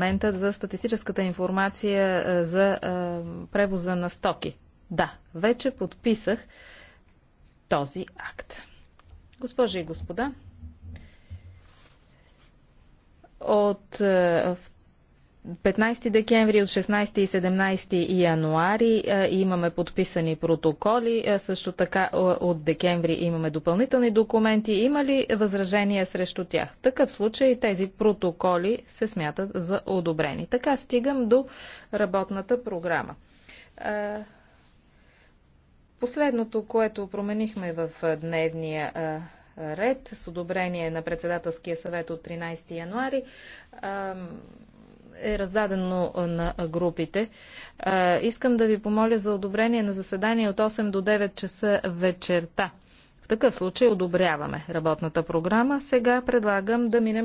Моментът за статистическата информация за превоза на стоки. Да, вече подписах този акт. Госпожи и господа, от 15 декември, от 16 и 17 януари е, имаме подписани протоколи. Е, също така е, от декември имаме допълнителни документи. Има ли възражения срещу тях? В такъв случай тези протоколи се смятат за одобрени. Така стигам до работната програма. Последното, което променихме в дневния ред с одобрение на председателския съвет от 13 януари, е раздадено на групите. Искам да ви помоля за одобрение на заседание от 8 до 9 часа вечерта. В такъв случай одобряваме работната програма. Сега предлагам да минем